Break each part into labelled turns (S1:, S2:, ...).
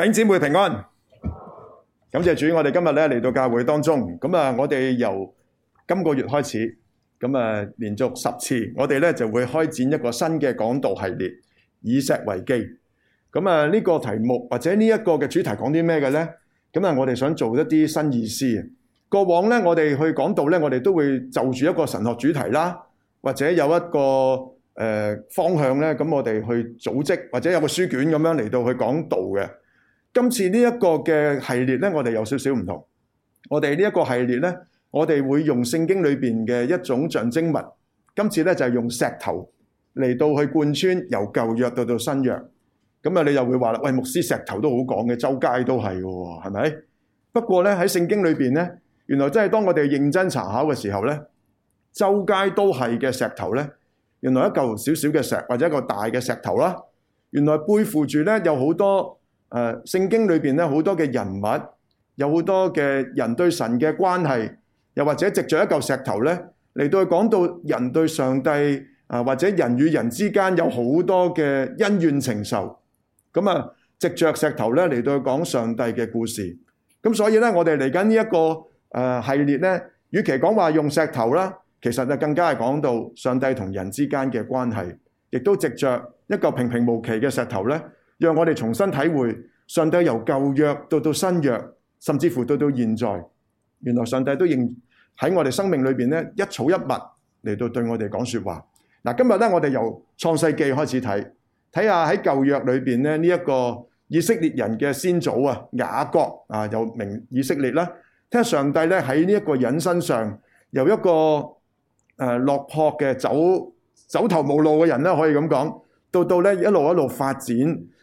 S1: 弟兄姊妹平安，感謝主，我哋今日咧嚟到教會當中，咁啊，我哋由今個月開始，咁啊，連續十次，我哋咧就會開展一個新嘅講道系列，以石為記。咁啊，呢個題目或者呢一個嘅主題講啲咩嘅咧？咁啊，我哋想做一啲新意思。過往咧，我哋去講道咧，我哋都會就住一個神學主題啦，或者有一個誒方向咧，咁我哋去組織或者有個書卷咁樣嚟到去講道嘅。今次呢一個嘅系列咧，我哋有少少唔同。我哋呢一個系列咧，我哋會用聖經裏邊嘅一種象徵物。今次咧就係用石頭嚟到去貫穿由舊約到到新約。咁啊，你又會話啦，喂，牧師，石頭都好講嘅，周街都係嘅喎，係咪？不過咧，喺聖經裏邊咧，原來真係當我哋認真查考嘅時候咧，周街都係嘅石頭咧，原來一嚿少少嘅石或者一個大嘅石頭啦，原來背負住咧有好多。誒、啊、聖經裏邊咧好多嘅人物，有好多嘅人對神嘅關係，又或者藉着一嚿石頭咧嚟到去講到人對上帝啊，或者人與人之間有好多嘅恩怨情仇，咁啊藉着石頭咧嚟到去講上帝嘅故事。咁所以咧，我哋嚟緊呢一個、呃、系列咧，與其講話用石頭啦，其實咧更加係講到上帝同人之間嘅關係，亦都藉着一嚿平平無奇嘅石頭咧。讓我哋重新體會上帝由舊約到到新約，甚至乎到到現在，原來上帝都仍喺我哋生命裏面咧一草一物嚟到對我哋講說話。嗱，今日咧我哋由創世記開始睇，睇下喺舊約裏面呢一、這個以色列人嘅先祖啊雅各啊，又名以色列啦，睇下上帝咧喺呢一個人身上，由一個、呃、落魄嘅走走投無路嘅人呢，可以咁講，到到咧一路一路發展。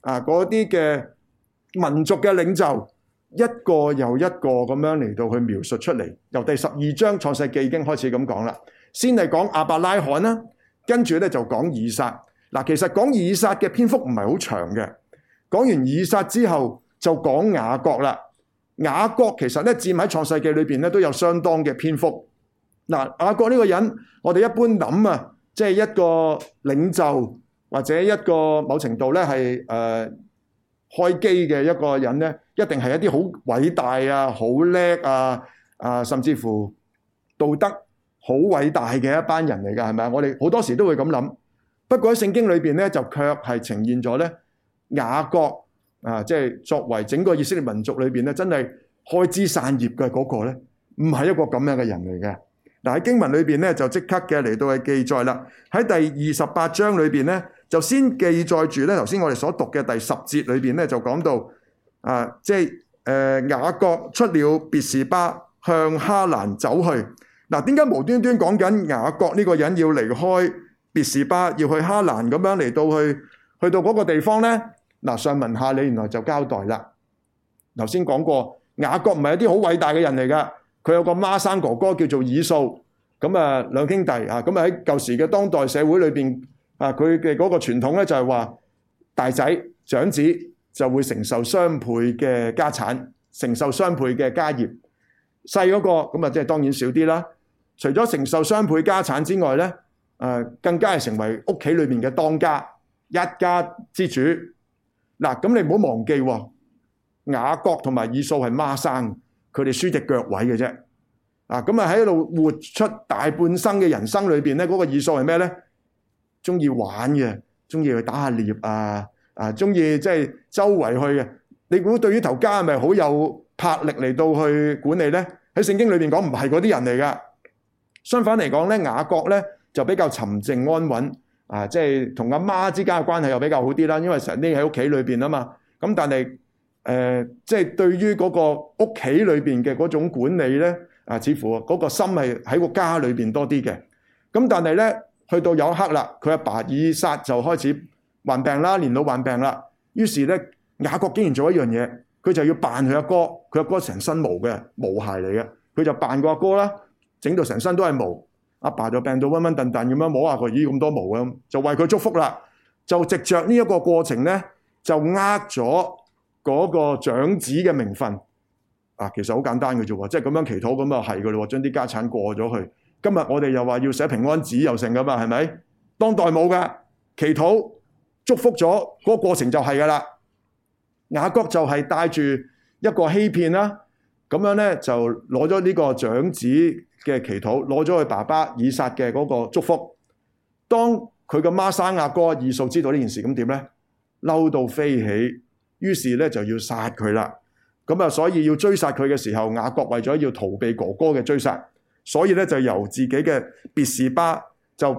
S1: 啊！嗰啲嘅民族嘅領袖一個又一個咁樣嚟到去描述出嚟，由第十二章創世記已經開始咁講啦。先係講亞伯拉罕啦，跟住咧就講以撒。嗱、啊，其實講以撒嘅篇幅唔係好長嘅。講完以撒之後，就講雅各啦。雅各其實咧佔喺創世記裏邊咧都有相當嘅篇幅。嗱、啊，雅各呢個人，我哋一般諗啊，即係一個領袖。或者一個某程度咧係誒開基嘅一個人咧，一定係一啲好偉大啊、好叻啊啊，甚至乎道德好偉大嘅一班人嚟㗎，係咪啊？我哋好多時都會咁諗。不過喺聖經裏邊咧，就卻係呈現咗咧雅各啊，即係作為整個以色列民族裏邊咧，真係開枝散葉嘅嗰個咧，唔係一個咁樣嘅人嚟嘅。嗱、啊、喺經文裏邊咧，就即刻嘅嚟到係記載啦，喺第二十八章裏邊咧。就先記載住咧，頭先我哋所讀嘅第十節裏邊咧，就講到啊，即係誒、呃、雅各出了別是巴，向哈蘭走去。嗱、啊，點解無端端講緊雅各呢個人要離開別是巴，要去哈蘭咁樣嚟到去去到嗰個地方呢？嗱、啊，上文下理，原來就交代啦。頭先講過，雅各唔係一啲好偉大嘅人嚟噶，佢有個孖生哥，哥哥叫做以掃，咁啊兩兄弟啊，咁啊喺舊時嘅當代社會裏邊。啊！佢嘅嗰個傳統咧就係話，大仔長子就會承受雙倍嘅家產，承受雙倍嘅家業。細嗰、那個咁啊，即係當然少啲啦。除咗承受雙倍家產之外咧，誒、啊、更加係成為屋企裏面嘅當家一家之主。嗱、啊，咁你唔好忘記、哦，雅各同埋以掃係孖生，佢哋輸隻腳位嘅啫。啊，咁啊喺度活出大半生嘅人生裏邊咧，嗰、那個以掃係咩咧？中意玩嘅，中意去打下獵啊啊！中意即係周圍去嘅。你估對於頭家係咪好有魄力嚟到去管理呢？喺聖經裏面講唔係嗰啲人嚟㗎。相反嚟講呢，雅各呢就比較沉靜安穩啊，即係同阿媽之間嘅關係又比較好啲啦。因為成日匿喺屋企裏邊啊嘛。咁、啊、但係誒，即、呃、係、即係、對於嗰個屋企裏邊嘅嗰種管理呢，啊，似乎嗰個心係喺個家裏邊多啲嘅。咁、啊、但係呢。去到有一刻啦，佢阿爸以撒就開始患病啦，年老患病啦。於是咧，雅各竟然做一樣嘢，佢就要扮佢阿哥。佢阿哥成身毛嘅毛鞋嚟嘅，佢就扮個阿哥啦，整到成身都係毛。阿爸就病到昏昏沌沌咁樣摸下個，咦，咁多毛啊，就為佢祝福啦，就藉着呢一個過程咧，就呃咗嗰個長子嘅名分。啊，其實好簡單嘅啫喎，即係咁樣祈禱咁啊，係嘅咯喎，將啲家產過咗去。今日我哋又話要寫平安紙又成噶嘛，係咪？當代冇噶，祈禱祝福咗嗰個過程就係噶啦。雅各就係帶住一個欺騙啦，咁樣咧就攞咗呢個長子嘅祈禱，攞咗佢爸爸以撒嘅嗰個祝福。當佢嘅孖生阿哥以掃知道呢件事，咁點咧？嬲到飛起，於是咧就要殺佢啦。咁啊，所以要追殺佢嘅時候，雅各為咗要逃避哥哥嘅追殺。所以咧就由自己嘅別士巴就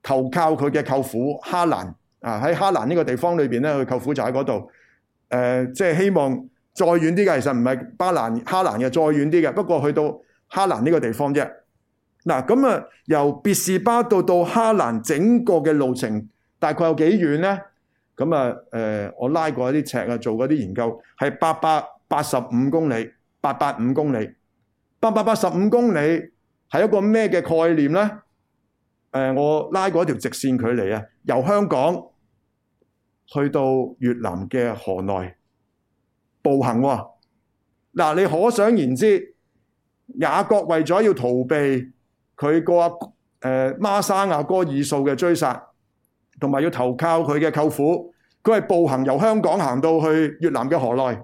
S1: 投靠佢嘅舅父哈蘭啊，喺哈蘭呢個地方裏邊咧，佢舅父就喺嗰度，誒即係希望再遠啲嘅，其實唔係巴蘭，哈蘭嘅再遠啲嘅，不過去到哈蘭呢個地方啫。嗱，咁啊、嗯、由別士巴到到哈蘭整個嘅路程大概有幾遠咧？咁啊誒我拉過一啲尺啊做過啲研究係八百八十五公里，八百五公里，八百八十五公里。係一個咩嘅概念呢？呃、我拉過一條直線距離啊，由香港去到越南嘅河內步行，啊。嗱、啊，你可想而知，雅各為咗要逃避佢個誒孖生阿，啊、哥以掃嘅追殺，同埋要投靠佢嘅舅父，佢係步行由香港行到去越南嘅河內，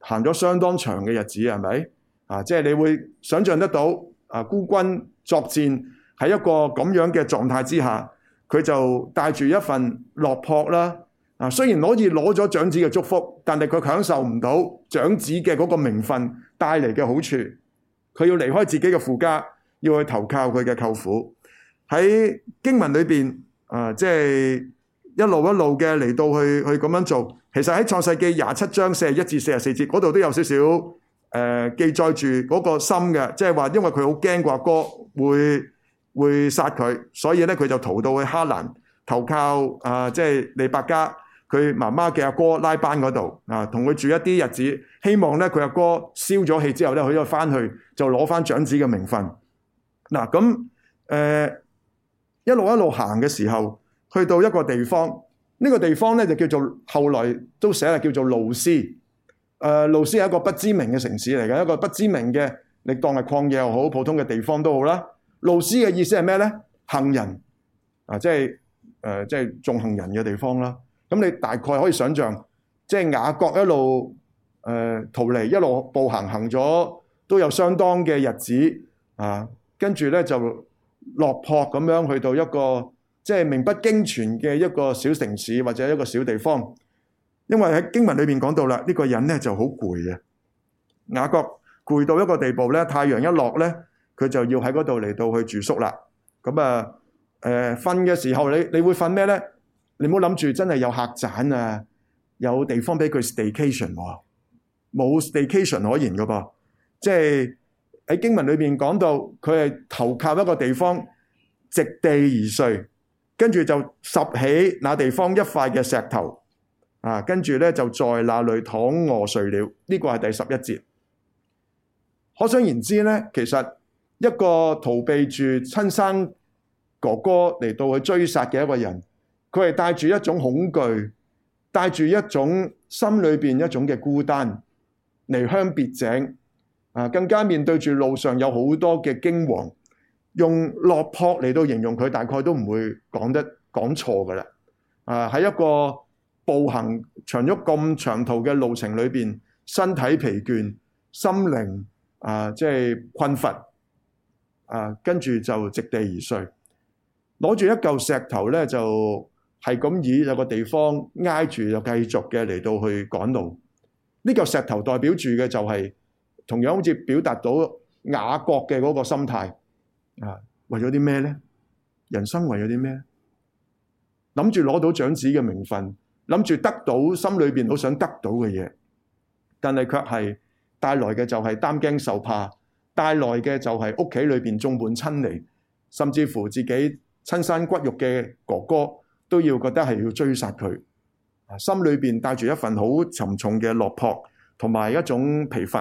S1: 行咗相當長嘅日子，係咪？啊，即係你會想象得到。啊！孤軍作戰喺一個咁樣嘅狀態之下，佢就帶住一份落魄啦。啊，雖然可以攞咗長子嘅祝福，但係佢享受唔到長子嘅嗰個名分帶嚟嘅好處。佢要離開自己嘅父家，要去投靠佢嘅舅父。喺經文裏邊啊，即、呃、係、就是、一路一路嘅嚟到去去咁樣做。其實喺創世記廿七章四十一至四十四節嗰度都有少少。誒、呃、記載住嗰個心嘅，即係話，因為佢好驚個阿哥會會殺佢，所以咧佢就逃到去哈蘭投靠啊，即、呃、係、就是、利百加佢媽媽嘅阿哥，哥拉班嗰度啊，同、呃、佢住一啲日子，希望咧佢阿哥消咗氣之後咧，佢可以翻去就攞翻長子嘅名分。嗱、呃，咁誒、呃、一路一路行嘅時候，去到一個地方，呢、這個地方咧就叫做後來都寫喇叫做路斯。誒路斯係一個不知名嘅城市嚟嘅，一個不知名嘅，你當係曠野又好，普通嘅地方都好啦。路斯嘅意思係咩咧？杏仁啊，即係誒、呃，即係種杏仁嘅地方啦。咁你大概可以想象，即係雅各一路誒、呃、逃離一路步行行咗，都有相當嘅日子啊。跟住咧就落魄咁樣去到一個即係名不經傳嘅一個小城市或者一個小地方。因為喺經文裏面講到啦，呢、這個人咧就好攰嘅，雅各攰到一個地步咧，太陽一落咧，佢就要喺嗰度嚟到去住宿啦。咁啊，誒瞓嘅時候你你會瞓咩咧？你唔好諗住真係有客棧啊，有地方俾佢 staycation，冇 staycation 可言噶噃，啊。即係喺經文裏面講到，佢係投靠一個地方，席地而睡，跟住就拾起那地方一塊嘅石頭。啊，跟住咧就在那裡躺卧睡了。呢個係第十一節。可想而知呢其實一個逃避住親生哥哥嚟到去追殺嘅一個人，佢係帶住一種恐懼，帶住一種心裏邊一種嘅孤單離鄉別井。啊，更加面對住路上有好多嘅驚惶，用落魄嚟到形容佢，大概都唔會講得講錯噶啦。啊，喺一個，步行長咗咁長途嘅路程裏邊，身體疲倦，心靈啊，即係困乏啊，跟住就席地而睡。攞住一嚿石頭咧，就係咁以有個地方挨住，就繼續嘅嚟到去趕路。呢嚿石頭代表住嘅就係同樣好似表達到雅各嘅嗰個心態啊。為咗啲咩咧？人生為咗啲咩？諗住攞到長子嘅名分，諗住得到心裏邊好想得到嘅嘢，但係卻係帶來嘅就係擔驚受怕，帶來嘅就係屋企裏邊眾叛親離，甚至乎自己親生骨肉嘅哥哥都要覺得係要追殺佢，心裏邊帶住一份好沉重嘅落魄同埋一種疲乏。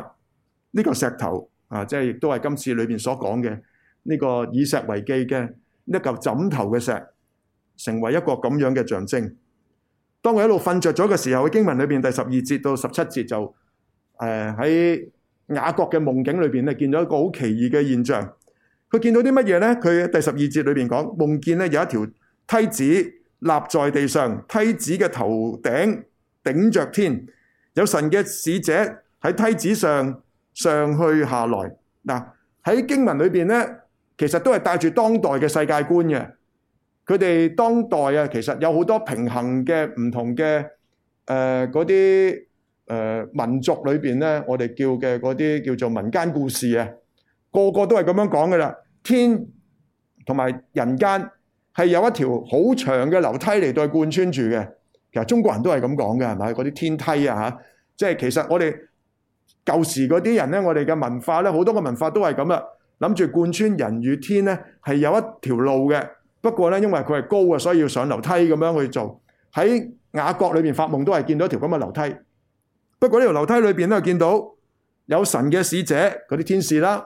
S1: 呢、這個石頭啊，即係亦都係今次裏邊所講嘅呢個以石為記嘅一嚿枕頭嘅石，成為一個咁樣嘅象徵。當佢一路瞓着咗嘅時候，經文裏邊第十二節到十七節就誒喺、呃、雅各嘅夢境裏邊咧，見到一個好奇異嘅現象。佢見到啲乜嘢咧？佢第十二節裏邊講，夢見咧有一條梯子立在地上，梯子嘅頭頂頂着天，有神嘅使者喺梯子上上去下來。嗱，喺經文裏邊咧，其實都係帶住當代嘅世界觀嘅。佢哋當代啊，其實有好多平衡嘅唔同嘅誒嗰啲誒民族裏邊咧，我哋叫嘅嗰啲叫做民間故事啊，個個都係咁樣講噶啦。天同埋人間係有一條好長嘅樓梯嚟到貫穿住嘅。其實中國人都係咁講嘅，係咪？嗰啲天梯啊嚇，啊，即係其實我哋舊時嗰啲人咧，我哋嘅文化咧，好多嘅文化都係咁啊，諗住貫穿人與天咧係有一條路嘅。不過咧，因為佢係高嘅，所以要上樓梯咁樣去做。喺雅各裏邊發夢，都係見到一條咁嘅樓梯。不過呢條樓梯裏邊咧，見到有神嘅使者、嗰啲天使啦，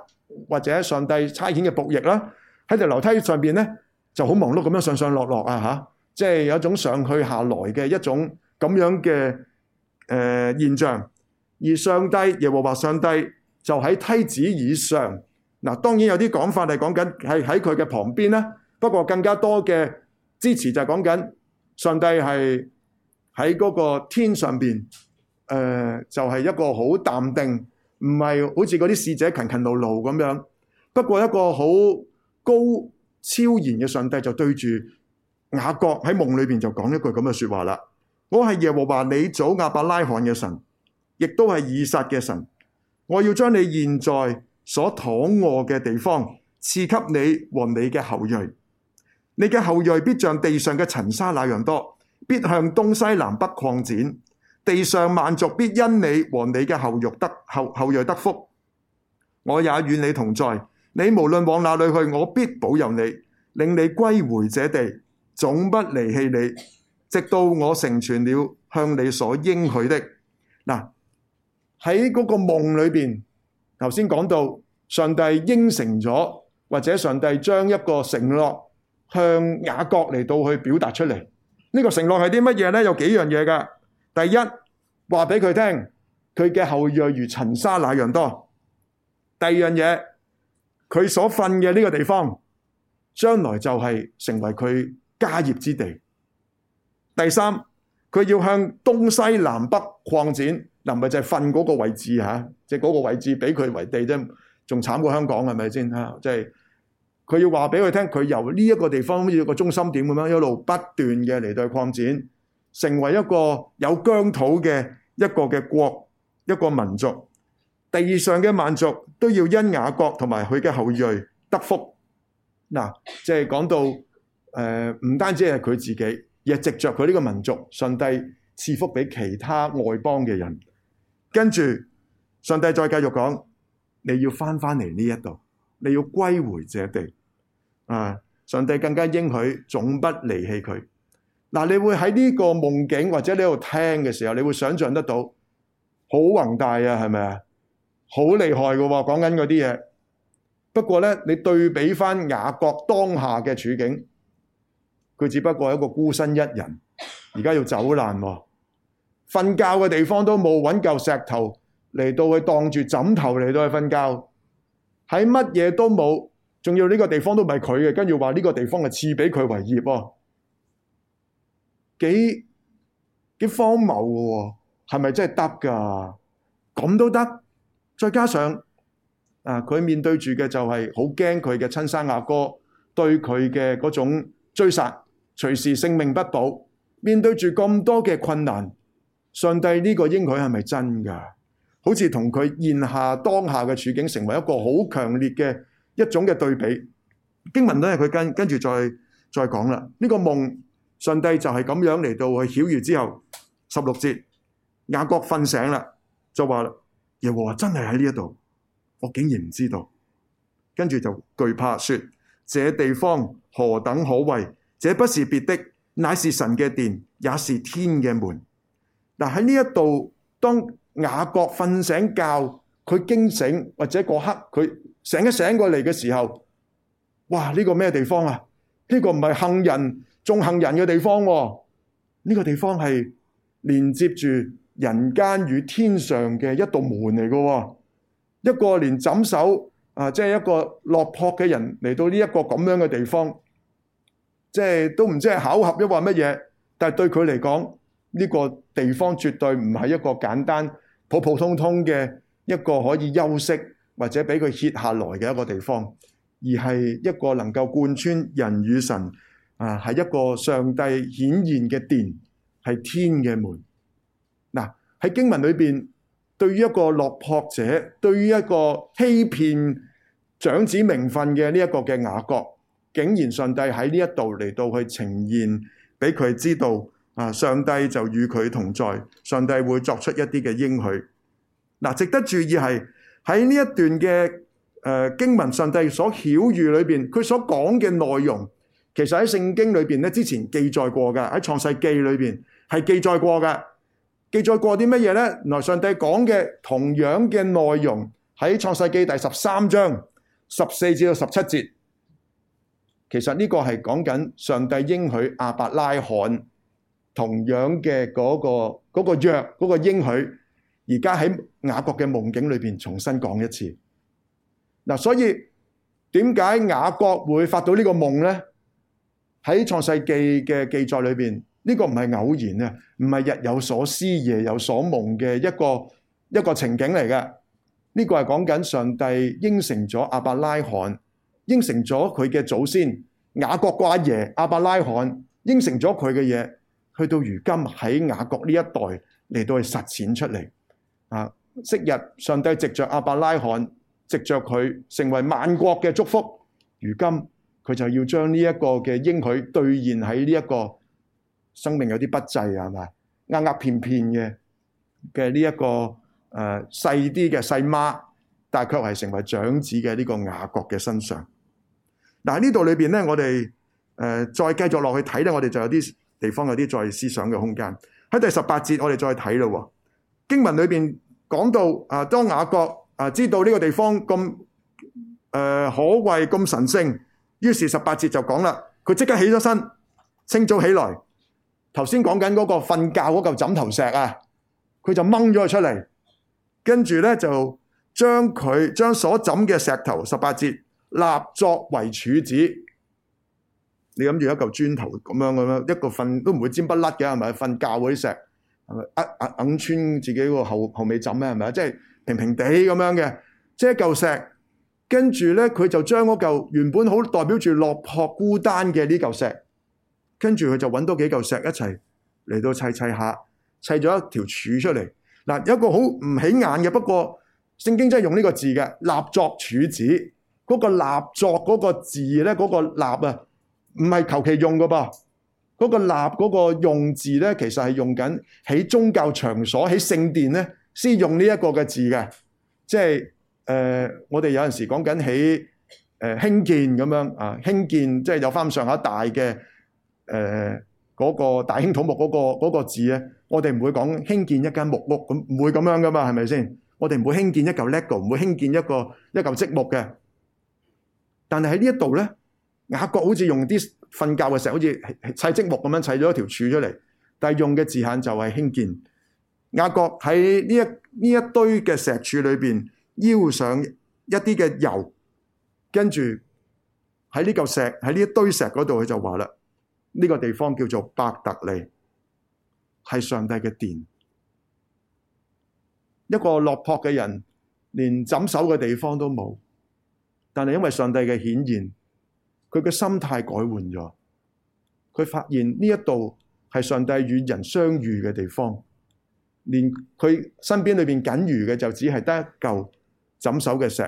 S1: 或者上帝差遣嘅僕役啦，喺條樓梯上邊咧，就好忙碌咁樣上上落落啊！吓、啊，即係有一種上去下來嘅一種咁樣嘅誒、呃、現象。而上帝耶和華上帝就喺梯子以上。嗱、啊，當然有啲講法係講緊係喺佢嘅旁邊啦。不過更加多嘅支持就係講緊上帝係喺嗰個天上邊，誒、呃、就係、是、一個好淡定，唔係好似嗰啲使者勤勤勞勞咁樣。不過一個好高超然嘅上帝就對住雅各喺夢裏邊就講一句咁嘅説話啦：我係耶和華你祖亞伯拉，拉罕嘅神，亦都係以撒嘅神。我要將你現在所躺卧嘅地方，賜給你和你嘅後裔。你嘅後裔必像地上嘅塵沙那樣多，必向東西南北擴展。地上萬族必因你和你嘅後裔得後後裔得福。我也與你同在，你無論往哪裏去，我必保佑你，令你歸回這地，總不離棄你，直到我成全了向你所應許的。嗱，喺嗰個夢裏邊，頭先講到上帝應承咗，或者上帝將一個承諾。向雅各嚟到去表達出嚟，呢個承諾係啲乜嘢咧？有幾樣嘢噶。第一，話俾佢聽，佢嘅後裔如塵沙那樣多。第二樣嘢，佢所瞓嘅呢個地方，將來就係成為佢家業之地。第三，佢要向東西南北擴展，嗱咪就係瞓嗰個位置嚇，即係嗰個位置俾佢為地啫，仲慘過香港係咪先啊？即係。就是佢要話俾佢聽，佢由呢一個地方好似個中心點咁樣，一路不斷嘅嚟到去擴展，成為一個有疆土嘅一個嘅國，一個民族。地上嘅萬族都要因雅各同埋佢嘅後裔得福。嗱，即係講到誒，呃，唔單止係佢自己，亦藉着佢呢個民族，上帝賜福俾其他外邦嘅人。跟住上帝再繼續講，你要翻翻嚟呢一度。你要歸回這地，啊！上帝更加應許，總不離棄佢。嗱、啊,你會喺呢個夢境或者你度聽嘅時候，你會想象得到好宏大啊，係咪啊？好厲害㗎，講緊嗰啲嘢。不過咧，你對比翻雅各當下嘅處境，佢只不過係一個孤身一人，而家要走難、啊，瞓覺嘅地方都冇，揾嚿石頭嚟到去當住枕頭嚟到去瞓覺。喺乜嘢都冇，仲要呢個地方都唔係佢嘅，跟住話呢個地方係賜俾佢為業，啊，幾幾荒謬嘅喎，係咪真係得㗎？咁都得？再加上啊，佢面對住嘅就係好驚佢嘅親生阿哥哥對佢嘅嗰種追殺，隨時性命不保。面對住咁多嘅困難，上帝呢個應許係咪真㗎？好似同佢現下當下嘅處境成為一個好強烈嘅一種嘅對比，經文都係佢跟跟住再再講啦。呢、這個夢，上帝就係咁樣嚟到去曉月之後，十六節雅各瞓醒啦，就話啦，耶和華真係喺呢一度，我竟然唔知道，跟住就懼怕說，這地方何等可畏，這不是別的，乃是神嘅殿，也是天嘅門。但喺呢一度當。雅各瞓醒覺，佢驚醒或者嗰刻，佢醒一醒過嚟嘅時候，哇！呢、這個咩地方啊？呢、這個唔係杏仁仲杏人嘅地方、啊，呢、這個地方係連接住人間與天上嘅一道門嚟嘅、啊。一個連枕首，啊，即係一個落魄嘅人嚟到呢一個咁樣嘅地方，即係都唔知係巧合抑或乜嘢，但係對佢嚟講，呢、這個地方絕對唔係一個簡單普普通通嘅一個可以休息或者俾佢歇下來嘅一個地方，而係一個能夠貫穿人與神啊，係一個上帝顯現嘅殿，係天嘅門。嗱、啊、喺經文裏邊，對於一個落魄者，對於一個欺騙長子名分嘅呢一個嘅雅各，竟然上帝喺呢一度嚟到去呈現俾佢知道。啊！上帝就與佢同在，上帝會作出一啲嘅應許。嗱、啊，值得注意係喺呢一段嘅誒、呃、經文，上帝所曉喻裏邊，佢所講嘅內容，其實喺聖經裏邊咧，之前記載過嘅，喺創世記裏邊係記載過嘅。記載過啲乜嘢呢？原來，上帝講嘅同樣嘅內容喺創世記第十三章十四至到十七節，其實呢個係講緊上帝應許阿伯拉罕亞伯拉罕。同樣嘅嗰、那個嗰、那個約嗰、那個應許，而家喺雅各嘅夢境裏邊重新講一次。嗱、啊，所以點解雅各會發到呢個夢呢？喺創世記嘅記載裏邊，呢、這個唔係偶然啊，唔係日有所思夜有所夢嘅一個一個情景嚟嘅。呢、這個係講緊上帝應承咗亞伯拉罕，應承咗佢嘅祖先雅各瓜爺亞伯拉罕，應承咗佢嘅嘢。去到如今喺雅各呢一代嚟到去實踐出嚟啊！昔日上帝藉着亞伯拉罕，藉着佢成為萬國嘅祝福。如今佢就要將呢一個嘅應許兌現喺呢一個生命有啲不濟，係咪、這個？呃呃，片片嘅嘅呢一個誒細啲嘅細媽，但係卻係成為長子嘅呢個雅各嘅身上。嗱、啊、喺呢度裏邊咧，我哋誒、呃、再繼續落去睇咧，我哋就有啲。地方有啲再思想嘅空間。喺第十八節，我哋再睇咯。經文裏邊講到啊，當雅各啊知道呢個地方咁誒、呃、可畏咁神聖，於是十八節就講啦，佢即刻起咗身，清早起來。頭先講緊嗰個瞓覺嗰嚿枕頭石啊，佢就掹咗佢出嚟，跟住咧就將佢將所枕嘅石頭，十八節立作為柱子。你諗住一嚿磚頭咁樣咁樣，一個瞓都唔會尖不甩嘅係咪？瞓覺嗰啲石，係咪？呃呃，硬穿自己個後後尾枕咩？係咪啊？即係平平地咁樣嘅，即係一嚿石。跟住咧，佢就將嗰嚿原本好代表住落魄孤單嘅呢嚿石，跟住佢就揾多幾嚿石一齊嚟到砌砌下，砌咗一條柱出嚟。嗱，有一個好唔起眼嘅，不過聖經真係用呢個字嘅，立作柱子嗰個立作嗰個字咧，嗰個立啊～唔係求其用㗎噃，嗰、那個立嗰個用字咧，其實係用緊喺宗教場所喺聖殿咧先用呢一個嘅字嘅，即係誒、呃、我哋有陣時講緊喺誒興建咁樣啊，興建即係有返上下大嘅誒嗰個大興土木嗰、那個那個字咧，我哋唔會講興建一間木屋咁，唔會咁樣噶嘛，係咪先？我哋唔會興建一嚿 LEGO，唔會興建一個一嚿積木嘅，但係喺呢一度咧。雅各好似用啲瞓覺嘅石，好似砌積木咁樣砌咗一條柱出嚟。但係用嘅字眼就係興建。雅各喺呢一呢一堆嘅石柱裏邊，澆上一啲嘅油，跟住喺呢嚿石喺呢一堆石嗰度，佢就話啦：呢個地方叫做伯特利，係上帝嘅殿。一個落魄嘅人，連枕首嘅地方都冇，但係因為上帝嘅顯現。佢嘅心態改換咗，佢發現呢一度係上帝與人相遇嘅地方，連佢身邊裏邊僅餘嘅就只係得一嚿枕，枕手嘅石，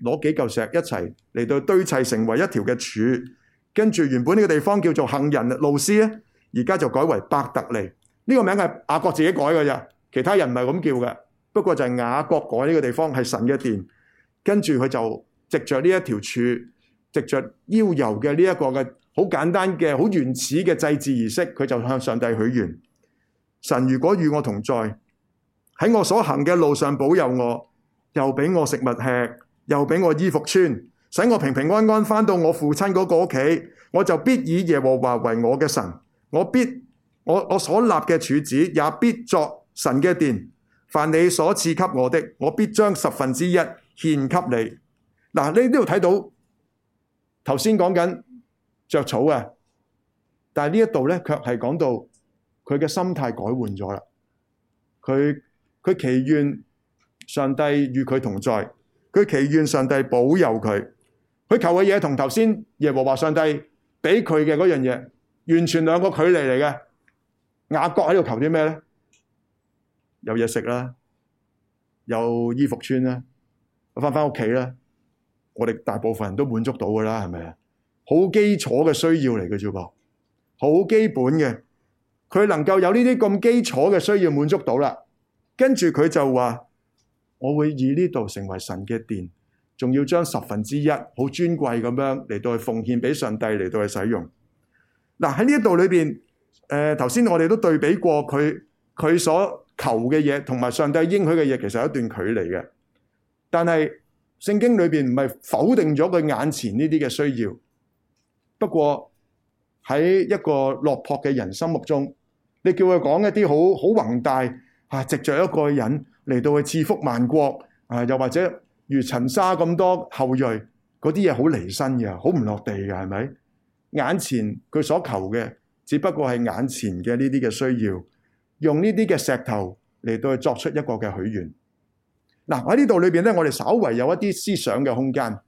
S1: 攞幾嚿石一齊嚟到堆砌成為一條嘅柱，跟住原本呢個地方叫做杏仁路斯咧，而家就改為伯特利，呢、呢個名係雅各自己改嘅咋，其他人唔係咁叫嘅，不過就係雅各改呢個地方係神嘅殿，跟住佢就藉着呢一條柱。藉着澆油嘅呢一個嘅好簡單嘅好原始嘅祭祀儀式，佢就向上帝許願：神如果與我同在，喺我所行嘅路上保佑我，又俾我食物吃，又俾我衣服穿，使我平平安安翻到我父親嗰個屋企，我就必以耶和華為我嘅神，我必我我所立嘅柱子也必作神嘅殿。凡你所賜給我的，我必將十分之一獻給你。嗱，你呢度睇到？頭先講緊着草啊，但係呢一度咧，卻係講到佢嘅心態改換咗啦。佢佢祈願上帝與佢同在，佢祈願上帝保佑佢。佢求嘅嘢同頭先耶和華上帝俾佢嘅嗰樣嘢，完全兩個距離嚟嘅。雅各喺度求啲咩咧？有嘢食啦，有衣服穿啦，翻翻屋企啦。我哋大部分人都滿足到噶啦，係咪啊？好基礎嘅需要嚟嘅啫噃，好基本嘅。佢能夠有呢啲咁基礎嘅需要滿足到啦，跟住佢就話：我會以呢度成為神嘅殿，仲要將十分之一好尊貴咁樣嚟到去奉獻俾上帝嚟到去使用。嗱、啊，喺呢一度裏邊，誒頭先我哋都對比過佢佢所求嘅嘢，同埋上帝應許嘅嘢，其實有一段距離嘅，但係。聖經裏邊唔係否定咗佢眼前呢啲嘅需要，不過喺一個落魄嘅人心目中，你叫佢講一啲好好宏大吓，啊，藉著一個人嚟到去賜福萬國啊，又或者如塵沙咁多後裔嗰啲嘢好離身嘅，好唔落地嘅，係咪？眼前佢所求嘅，只不過係眼前嘅呢啲嘅需要，用呢啲嘅石頭嚟到去作出一個嘅許願。嗱，喺、啊、呢度裏邊咧，我哋稍為有一啲思想嘅空間。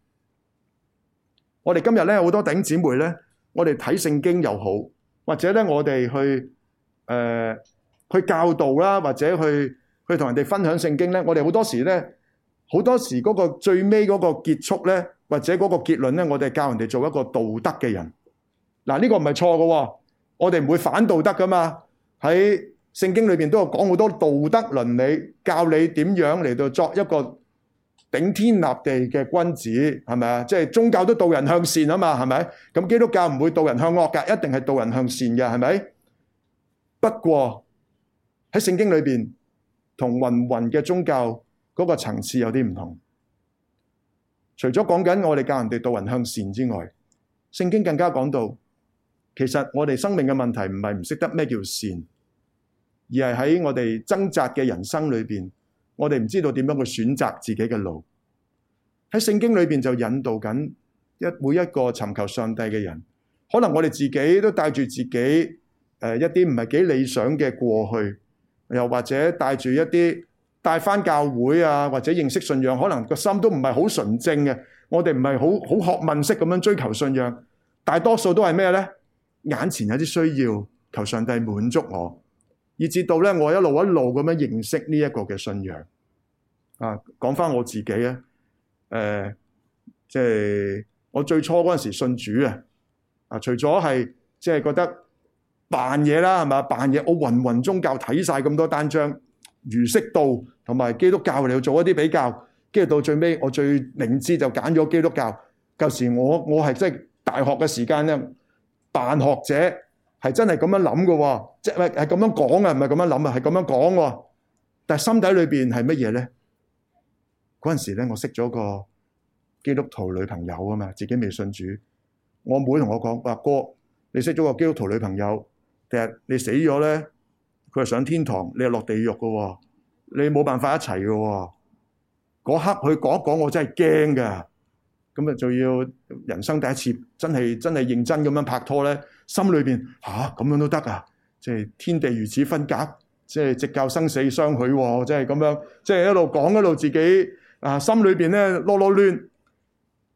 S1: 我哋今日咧好多頂姊妹咧，我哋睇聖經又好，或者咧我哋去誒、呃、去教導啦，或者去去同人哋分享聖經咧，我哋好多時咧，好多時嗰個最尾嗰個結束咧，或者嗰個結論咧，我哋教人哋做一個道德嘅人。嗱、啊，呢、這個唔係錯嘅，我哋唔會反道德㗎嘛，喺。聖經裏面都有講好多道德倫理，教你點樣嚟到作一個頂天立地嘅君子，係咪啊？即係宗教都導人向善啊嘛，係咪？咁基督教唔會導人向惡噶，一定係導人向善嘅，係咪？不過喺聖經裏邊，同芸芸嘅宗教嗰個層次有啲唔同。除咗講緊我哋教人哋導人向善之外，聖經更加講到，其實我哋生命嘅問題唔係唔識得咩叫善。而係喺我哋掙扎嘅人生裏邊，我哋唔知道點樣去選擇自己嘅路。喺聖經裏邊就引導緊一每一個尋求上帝嘅人。可能我哋自己都帶住自己誒一啲唔係幾理想嘅過去，又或者帶住一啲帶翻教會啊，或者認識信仰，可能個心都唔係好純正嘅。我哋唔係好好學問式咁樣追求信仰，大多數都係咩呢？眼前有啲需要，求上帝滿足我。以至到咧，我一路一路咁樣認識呢一個嘅信仰。啊，講返我自己啊，誒、呃，即、就、係、是、我最初嗰陣時信主啊，啊，除咗係即係覺得扮嘢啦，係咪，扮嘢，我芸芸宗教睇晒咁多單張，儒釋道，同埋基督教嚟做一啲比較，跟住到最尾，我最明智就揀咗基督教。舊、就、時、是、我我係即係大學嘅時間咧，扮學者。係真係咁樣諗噶，即係咪係咁樣講啊？唔係咁樣諗啊？係咁樣講，但係心底裏邊係乜嘢咧？嗰陣時咧，我識咗個基督徒女朋友啊嘛，自己未信主，我妹同我講：阿哥，你識咗個基督徒女朋友，第日你，你死咗咧，佢係上天堂，你係落地獄噶，你冇辦法一齊噶。嗰刻佢講一講，我真係驚噶，咁啊，就要人生第一次真，真係真係認真咁樣拍拖咧。心裏邊嚇咁樣都得啊！即係天地如此分隔，即係直教生死相許喎，即係咁樣，即係一路講一路自己啊，心裏邊咧撈撈攣，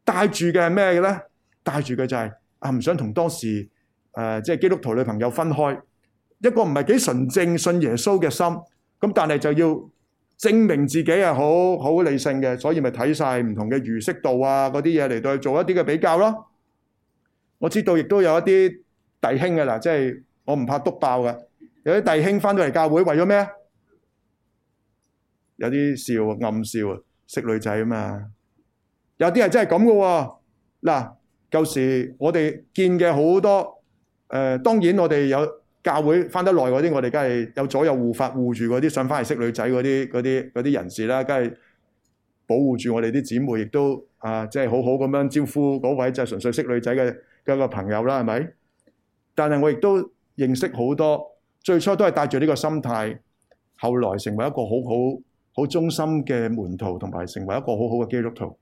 S1: 帶住嘅係咩嘅咧？帶住嘅就係啊，唔想同當時誒即係基督徒女朋友分開，一個唔係幾純正信耶穌嘅心，咁但係就要證明自己係好好理性嘅，所以咪睇曬唔同嘅儒釋道啊嗰啲嘢嚟到去做一啲嘅比較咯。我知道亦都有一啲。弟兄嘅啦，即係我唔怕篤爆嘅。有啲弟兄翻到嚟教會，為咗咩？有啲笑，暗笑啊，識女仔啊嘛。有啲係真係咁嘅喎。嗱，舊時我哋見嘅好多誒，當然我哋有教會翻得耐嗰啲，我哋梗係有左右護法護住嗰啲想翻嚟識女仔嗰啲嗰啲嗰啲人士啦，梗係保護住我哋啲姊妹，亦都啊，即係好好咁樣招呼嗰位就純粹識女仔嘅一個朋友啦，係咪？但係我亦都認識好多，最初都係帶住呢個心態，後來成為一個好好好忠心嘅門徒，同埋成為一個好好嘅基督徒。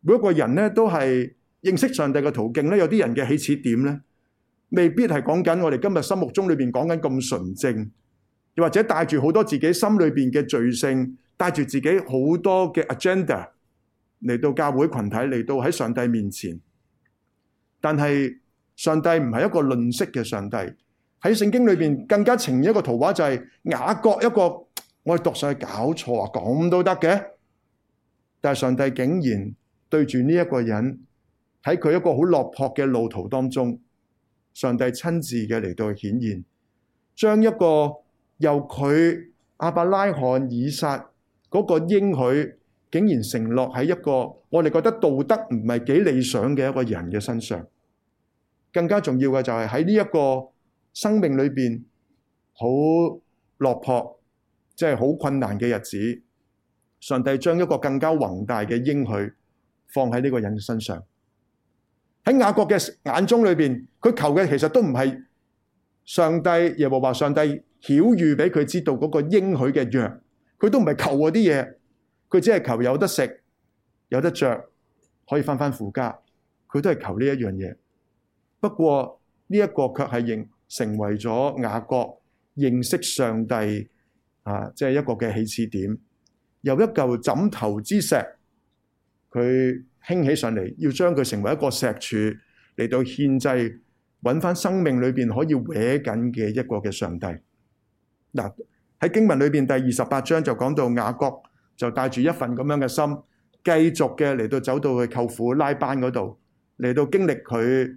S1: 每一個人咧都係認識上帝嘅途徑咧，有啲人嘅起始點咧，未必係講緊我哋今日心目中裏邊講緊咁純正，又或者帶住好多自己心裏邊嘅罪性，帶住自己好多嘅 agenda 嚟到教會群體，嚟到喺上帝面前，但係。上帝唔係一個吝嗇嘅上帝，喺聖經裏邊更加呈現一個圖畫，就係雅各一個我哋讀上去搞錯啊，講都得嘅。但係上帝竟然對住呢一個人喺佢一個好落魄嘅路途當中，上帝親自嘅嚟到顯現，將一個由佢亞伯拉罕以撒嗰個應許，竟然承諾喺一個我哋覺得道德唔係幾理想嘅一個人嘅身上。更加重要嘅就係喺呢一個生命裏邊，好落魄，即係好困難嘅日子，上帝將一個更加宏大嘅應許放喺呢個人嘅身上。喺雅各嘅眼中裏邊，佢求嘅其實都唔係上帝耶和華，上帝曉諭俾佢知道嗰個應許嘅約，佢都唔係求嗰啲嘢，佢只係求有得食、有得着可以翻翻父家，佢都係求呢一樣嘢。不過呢一、這個卻係認成為咗雅各認識上帝啊，即係一個嘅起始點。由一嚿枕，枕頭之石，佢興起上嚟，要將佢成為一個石柱嚟到獻祭，揾翻生命裏邊可以搲緊嘅一個嘅上帝。嗱、啊、喺經文裏邊第二十八章就講到雅各就帶住一份咁樣嘅心，繼續嘅嚟到走到去舅父拉班嗰度嚟到經歷佢。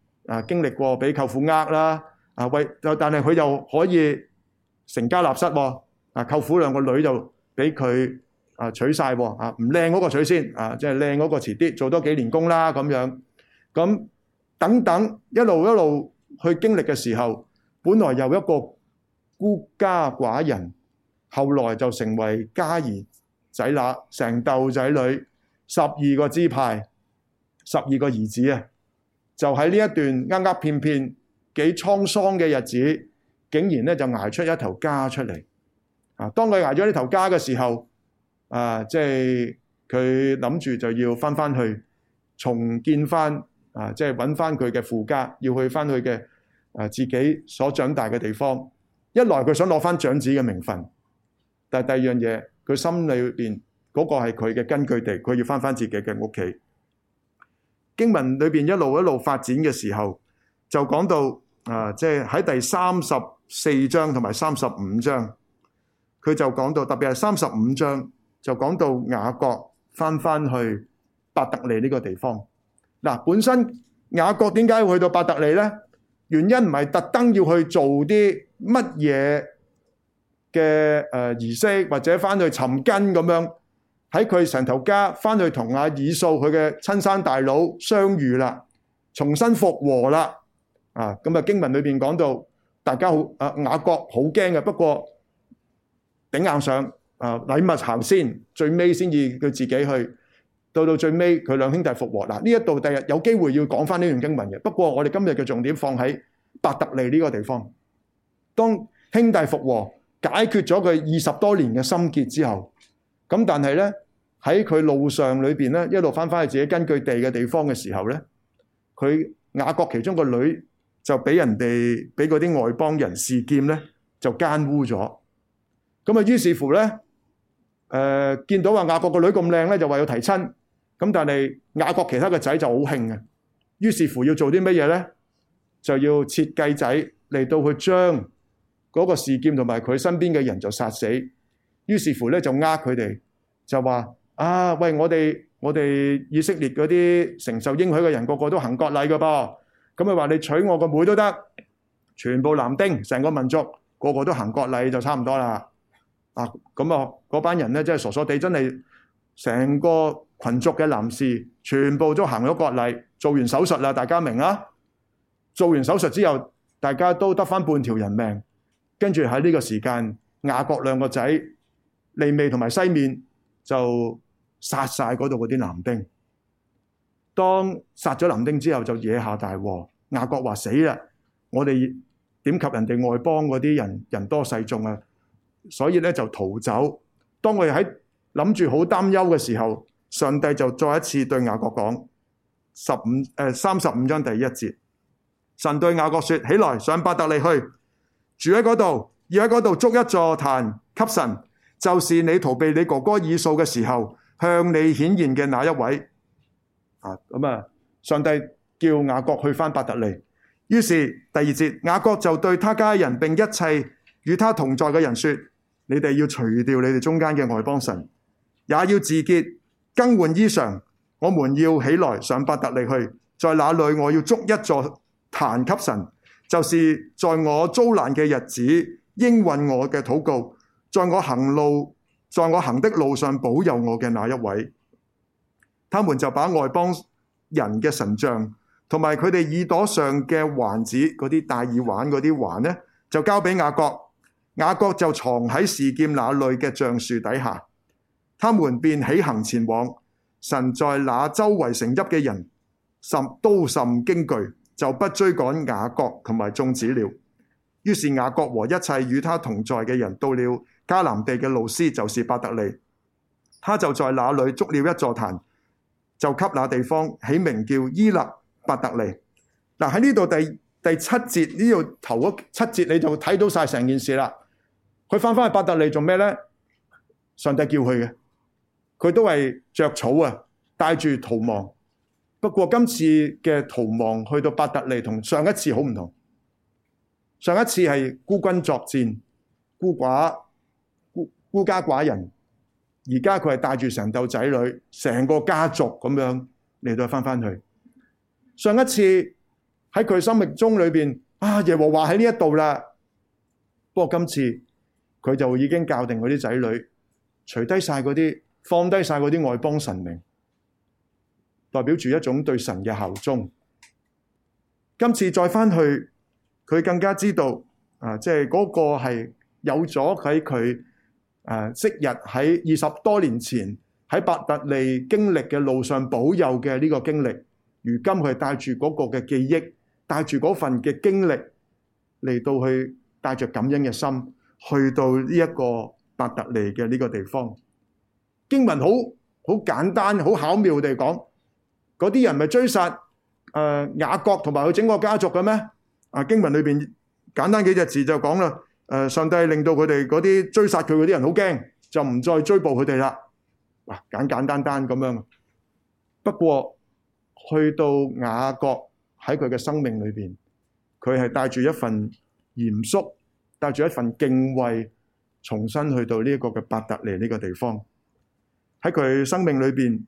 S1: 啊，經歷過俾舅父呃啦，啊，為就但係佢又可以成家立室喎，啊，舅父兩個女就俾佢啊娶晒喎，啊，唔靚嗰個娶先，啊，即係靚嗰個遲啲做多幾年工啦咁樣，咁等等一路一路去經歷嘅時候，本來有一個孤家寡人，後來就成為家兒仔乸，成竇仔女十二個支派，十二個兒子啊！就喺呢一段呃呃片片幾滄桑嘅日子，竟然咧就捱出一頭家出嚟。啊，當佢捱咗呢頭家嘅時候，啊，即係佢諗住就要翻翻去重建翻，啊，即係揾翻佢嘅父家，要去翻去嘅啊自己所長大嘅地方。一來佢想攞翻長子嘅名分，但係第二樣嘢，佢心裏邊嗰個係佢嘅根據地，佢要翻翻自己嘅屋企。經文裏邊一路一路發展嘅時候，就講到啊，即係喺第三十四章同埋三十五章，佢就講到特別係三十五章就講到雅各翻翻去伯特利呢個地方。嗱、呃，本身雅各點解會去到伯特利呢？原因唔係特登要去做啲乜嘢嘅誒儀式，或者翻去尋根咁樣。喺佢成頭家翻去同阿以掃佢嘅親生大佬相遇啦，重新復和啦。啊，咁啊經文裏邊講到，大家好啊雅各好驚嘅，不過頂硬上啊禮物行先，最尾先至佢自己去到到最尾佢兩兄弟復和啦呢一度第日有機會要講翻呢段經文嘅，不過我哋今日嘅重點放喺伯特利呢個地方，當兄弟復和解決咗佢二十多年嘅心結之後。咁但係咧喺佢路上裏邊咧，一路翻返去自己根據地嘅地方嘅時候咧，佢雅各其中個女就俾人哋俾嗰啲外邦人示劍咧，就奸污咗。咁啊，於是乎咧，誒、呃、見到話雅各個女咁靚咧，就話要提親。咁但係雅各其他嘅仔就好興嘅，於是乎要做啲乜嘢咧，就要設計仔嚟到去將嗰個示劍同埋佢身邊嘅人就殺死。於是乎咧，就呃佢哋，就話：啊，喂，我哋我哋以色列嗰啲承受應許嘅人，個個都行割禮嘅噃。咁啊，話你娶我個妹都得，全部男丁，成個民族，個個都行割禮就差唔多啦。啊，咁啊，嗰班人咧真係傻傻地，真係成個群族嘅男士，全部都行咗割禮，做完手術啦，大家明啦。做完手術之後，大家都得返半條人命。跟住喺呢個時間，雅各兩個仔。利未同埋西面就殺晒嗰度嗰啲男丁。當殺咗男丁之後，就惹下大禍。雅各話死啦！我哋點及人哋外邦嗰啲人人多勢眾啊？所以咧就逃走。當我哋喺諗住好擔憂嘅時候，上帝就再一次對雅各講十五誒、三十五章第一節，神對雅各說：起來上伯特利去住喺嗰度，要喺嗰度築一座壇給神。就是你逃避你哥哥以掃嘅時候，向你顯現嘅那一位啊，咁啊，上帝叫雅各去翻伯特利。於是第二節，雅各就對他家人並一切與他同在嘅人說：你哋要除掉你哋中間嘅外邦神，也要自潔，更換衣裳。我們要起來上伯特利去，在那裡我要築一座壇給神，就是在我遭難嘅日子應允我嘅禱告。在我行路，在我行的路上，保佑我嘅那一位，他們就把外邦人嘅神像同埋佢哋耳朵上嘅環子，嗰啲戴耳環嗰啲環呢，就交俾雅各，雅各就藏喺示劍那裏嘅橡樹底下。他們便起行前往，神在那周圍城邑嘅人甚都甚驚懼，就不追趕雅各同埋眾子了。於是雅各和一切與他同在嘅人到了。迦南地嘅路斯就是伯特利，他就在那裏築了一座壇，就給那地方起名叫伊勒伯特利。嗱喺呢度第第七節呢度頭七節你就睇到晒成件事啦。佢翻翻去伯特利做咩呢？上帝叫佢嘅，佢都係着草啊，帶住逃亡。不過今次嘅逃亡去到伯特利同上一次好唔同，上一次係孤軍作戰，孤寡。孤家寡人，而家佢係帶住成斗仔女，成個家族咁樣嚟到翻翻去。上一次喺佢心目中裏邊，啊，耶和華喺呢一度啦。不過今次佢就已經教定佢啲仔女，除低晒嗰啲，放低晒嗰啲外邦神明，代表住一種對神嘅效忠。今次再翻去，佢更加知道啊，即係嗰個係有咗喺佢，啊、昔日喺二十多年前喺伯特利經歷嘅路上保佑嘅呢個經歷，如今佢帶住嗰個嘅記憶，帶住嗰份嘅經歷嚟到去帶着感恩嘅心，去到呢一個伯特利嘅呢個地方。經文好好簡單、好巧妙地講，嗰啲人咪追殺誒、呃、雅各同埋佢整個家族嘅咩？啊，經文裏邊簡單幾隻字就講啦。誒，上帝令到佢哋嗰啲追殺佢嗰啲人好驚，就唔再追捕佢哋啦。嗱，簡簡單單咁樣。不過去到雅各喺佢嘅生命裏邊，佢係帶住一份嚴肅，帶住一份敬畏，重新去到呢一個嘅伯特利呢個地方。喺佢生命裏邊，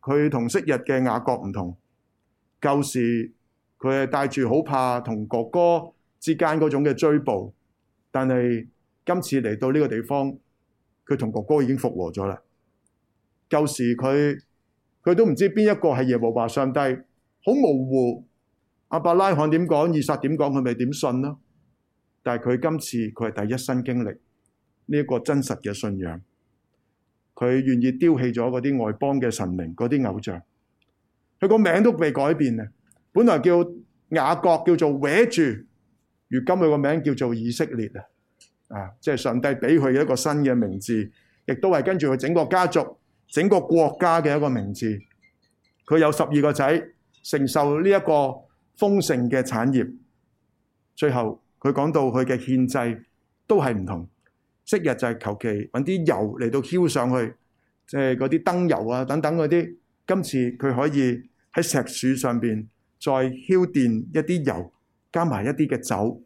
S1: 佢同昔日嘅雅各唔同。舊時佢係帶住好怕同哥哥之間嗰種嘅追捕。但係今次嚟到呢個地方，佢同哥哥已經復和咗啦。舊時佢佢都唔知邊一個係耶和華上帝，好模糊。阿伯拉罕點講，以撒點講，佢咪點信咯？但係佢今次佢係第一身經歷呢一個真實嘅信仰，佢願意丟棄咗嗰啲外邦嘅神明，嗰啲偶像，佢個名都未改變啊！本來叫雅各，叫做歪住。如今佢個名叫做以色列啊！啊，即係上帝俾佢一個新嘅名字，亦都係跟住佢整個家族、整個國家嘅一個名字。佢有十二個仔，承受呢一個豐盛嘅產業。最後佢講到佢嘅獻祭都係唔同，昔日就係求其揾啲油嚟到澆上去，即係嗰啲燈油啊等等嗰啲。今次佢可以喺石柱上邊再澆奠一啲油。加埋一啲嘅酒，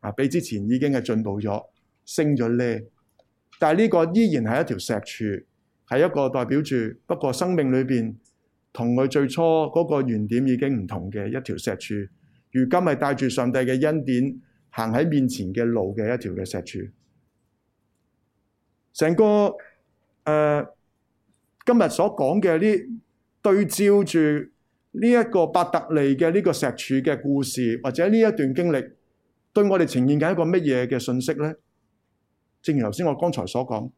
S1: 啊，比之前已經係進步咗，升咗咧。但係呢個依然係一條石柱，係一個代表住不過生命裏邊同佢最初嗰個原點已經唔同嘅一條石柱。如今係帶住上帝嘅恩典行喺面前嘅路嘅一條嘅石柱。成個誒、呃、今日所講嘅呢對照住。呢一個伯特利嘅呢個石柱嘅故事，或者呢一段經歷，對我哋呈現緊一個乜嘢嘅信息咧？正如頭先我剛才所講，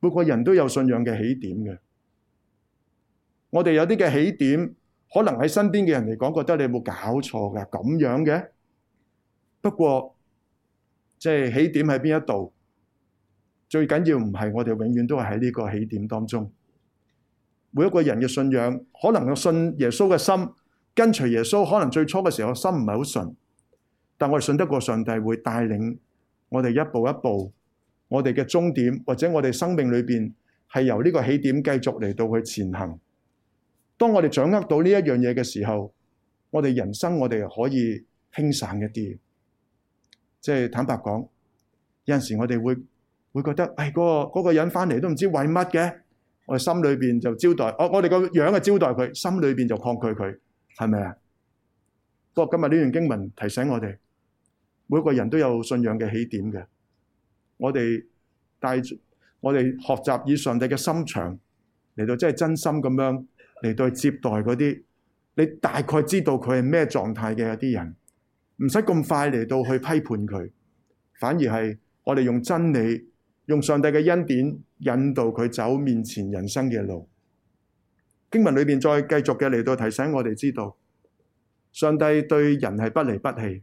S1: 每個人都有信仰嘅起點嘅。我哋有啲嘅起點，可能喺身邊嘅人嚟講，覺得你有冇搞錯㗎？咁樣嘅。不過，即係起點喺邊一度，最緊要唔係我哋永遠都係喺呢個起點當中。每一個人嘅信仰，可能個信耶穌嘅心跟隨耶穌，可能最初嘅時候心唔係好純，但我哋信得過上帝會帶領我哋一步一步，我哋嘅終點或者我哋生命裏邊係由呢個起點繼續嚟到去前行。當我哋掌握到呢一樣嘢嘅時候，我哋人生我哋可以輕省一啲。即係坦白講，有陣時我哋會會覺得，唉，哎，嗰，嗰個、嗰個人翻嚟都唔知為乜嘅。我哋心裏邊就招待，哦，我哋個樣係招待佢，心裏邊就抗拒佢，係咪啊？不過今日呢段經文提醒我哋，每個人都有信仰嘅起點嘅。我哋帶我哋學習以上帝嘅心腸嚟到，即係真心咁樣嚟到接待嗰啲，你大概知道佢係咩狀態嘅一啲人，唔使咁快嚟到去批判佢，反而係我哋用真理。用上帝嘅恩典引導佢走面前人生嘅路。經文裏面再繼續嘅嚟到提醒我哋知道，上帝對人係不離不棄，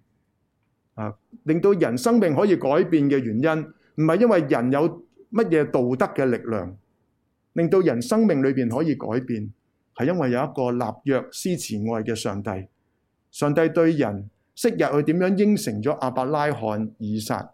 S1: 啊，令到人生命可以改變嘅原因，唔係因為人有乜嘢道德嘅力量，令到人生命裏面可以改變，係因為有一個立約施慈愛嘅上帝。上帝對人昔日佢點樣應承咗阿伯拉罕以撒，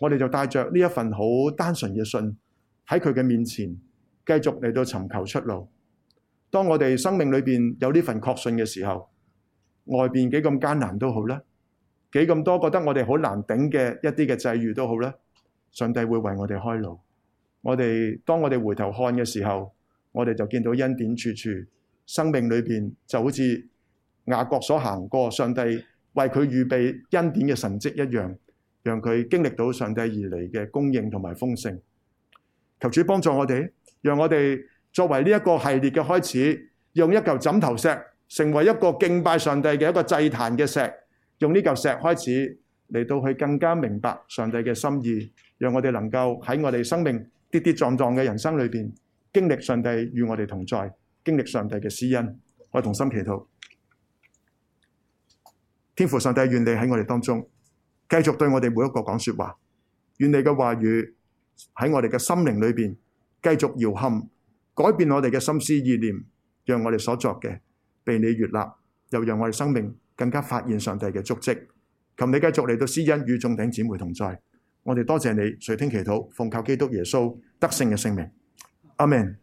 S1: 我哋就帶着呢一份好單純嘅信喺佢嘅面前，繼續嚟到尋求出路。當我哋生命裏邊有呢份確信嘅時候，外邊幾咁艱難都好啦，幾咁多覺得我哋好難頂嘅一啲嘅際遇都好啦，上帝會為我哋開路。我哋當我哋回頭看嘅時候，我哋就見到恩典處處。生命裏邊就好似雅各所行過，上帝為佢預備恩典嘅神蹟一樣。讓佢經歷到上帝而嚟嘅供應同埋豐盛，求主幫助我哋，讓我哋作為呢一個系列嘅開始，用一嚿枕頭石成為一個敬拜上帝嘅一個祭壇嘅石，用呢嚿石開始嚟到去更加明白上帝嘅心意，讓我哋能夠喺我哋生命跌跌撞撞嘅人生裏邊，經歷上帝與我哋同在，經歷上帝嘅施恩。我同心祈禱，天父上帝願你喺我哋當中。繼續對我哋每一個講說話，願你嘅話語喺我哋嘅心靈裡面繼續搖撼，改變我哋嘅心思意念，讓我哋所作嘅被你悅納，又讓我哋生命更加發現上帝嘅足跡。求你繼續嚟到施恩與眾弟兄姊妹同在，我哋多謝你垂聽祈禱，奉靠基督耶穌得勝嘅聖名，阿門。Amen.